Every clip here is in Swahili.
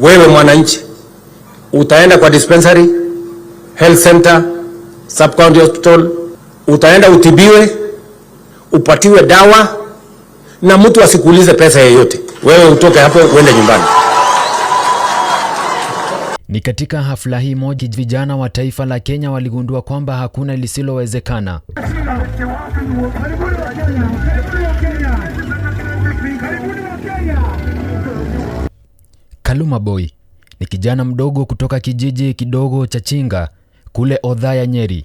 wewe mwananchi utaenda kwa dispensary, health center, sub county hospital, utaenda utibiwe, upatiwe dawa na mtu asikuulize pesa yeyote. Wewe utoke hapo uende nyumbani. Ni katika hafla hii moja vijana wa taifa la Kenya waligundua kwamba hakuna lisilowezekana. Kaluma Boy ni kijana mdogo kutoka kijiji kidogo cha Chinga kule Odhaya, Nyeri.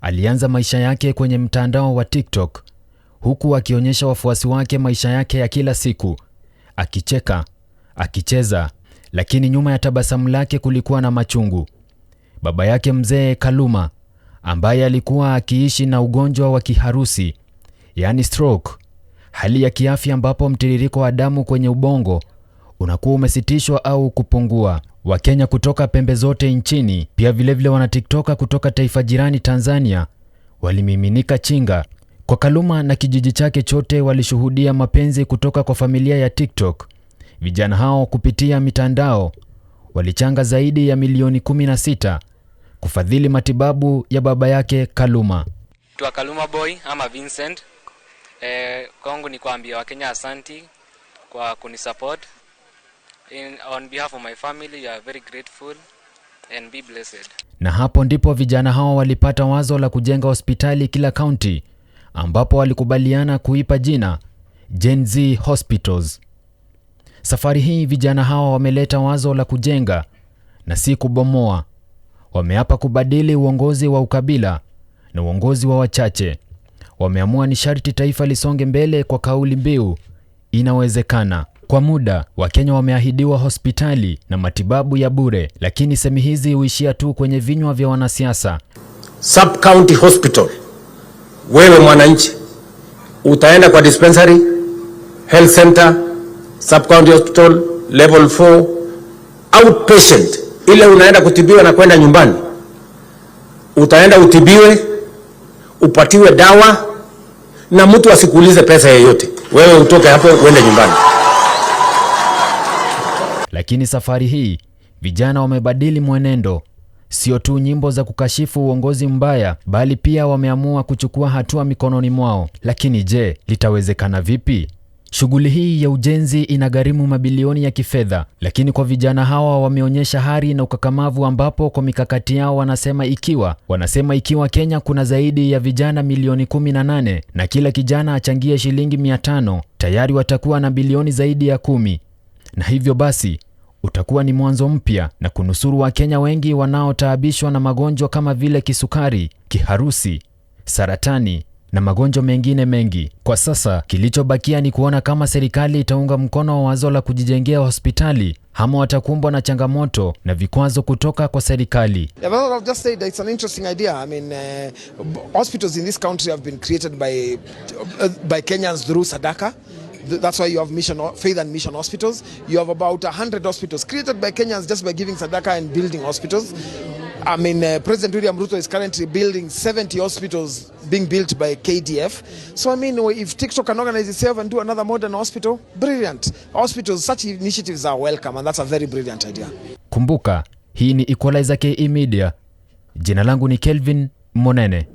Alianza maisha yake kwenye mtandao wa TikTok huku akionyesha wafuasi wake maisha yake ya kila siku, akicheka, akicheza, lakini nyuma ya tabasamu lake kulikuwa na machungu. Baba yake mzee Kaluma, ambaye alikuwa akiishi na ugonjwa wa kiharusi, yaani stroke, hali ya kiafya ambapo mtiririko wa damu kwenye ubongo unakuwa umesitishwa au kupungua. Wakenya kutoka pembe zote nchini, pia vilevile wanatiktoka kutoka taifa jirani Tanzania, walimiminika Chinga kwa Kaluma na kijiji chake chote, walishuhudia mapenzi kutoka kwa familia ya TikTok. Vijana hao kupitia mitandao walichanga zaidi ya milioni 16 kufadhili matibabu ya baba yake Kaluma. Tua Kaluma boy ama Vincent kwangu ni kuambia Wakenya asanti kwa kunisupport. In, on behalf of my family, you are very grateful and be blessed. Na hapo ndipo vijana hao walipata wazo la kujenga hospitali kila kaunti ambapo walikubaliana kuipa jina Gen Z Hospitals. Safari hii vijana hawa wameleta wazo la kujenga na si kubomoa. Wameapa kubadili uongozi wa ukabila na uongozi wa wachache wameamua ni sharti taifa lisonge mbele kwa kauli mbiu inawezekana. Kwa muda Wakenya wameahidiwa hospitali na matibabu ya bure, lakini semi hizi huishia tu kwenye vinywa vya wanasiasa. Sub county hospital, wewe mwananchi utaenda kwa dispensary, health center, sub county hospital level 4 outpatient, ile unaenda kutibiwa na kwenda nyumbani, utaenda utibiwe, upatiwe dawa na mtu asikuulize pesa yoyote, wewe utoke hapo uende nyumbani. Lakini safari hii vijana wamebadili mwenendo, sio tu nyimbo za kukashifu uongozi mbaya, bali pia wameamua kuchukua hatua mikononi mwao. Lakini je, litawezekana vipi? Shughuli hii ya ujenzi inagharimu mabilioni ya kifedha, lakini kwa vijana hawa wameonyesha hari na ukakamavu, ambapo kwa mikakati yao wanasema ikiwa wanasema ikiwa Kenya kuna zaidi ya vijana milioni 18 na kila kijana achangie shilingi 500 tayari watakuwa na bilioni zaidi ya kumi, na hivyo basi utakuwa ni mwanzo mpya na kunusuru Wakenya wengi wanaotaabishwa na magonjwa kama vile kisukari, kiharusi, saratani na magonjwa mengine mengi. Kwa sasa kilichobakia ni kuona kama serikali itaunga mkono wa wazo la kujijengea hospitali ama watakumbwa na changamoto na vikwazo kutoka kwa serikali. That's why you have mission, faith and mission hospitals. You have about 100 hospitals created by Kenyans just by giving sadaka and building hospitals. I mean, uh, President William Ruto is currently building 70 hospitals being built by KDF. So, I mean, if TikTok can organize itself and do another modern hospital, brilliant. Hospitals, such initiatives are welcome and that's a very brilliant idea. Kumbuka, hii ni Equalizer KE Media. Jina langu ni Kelvin Monene.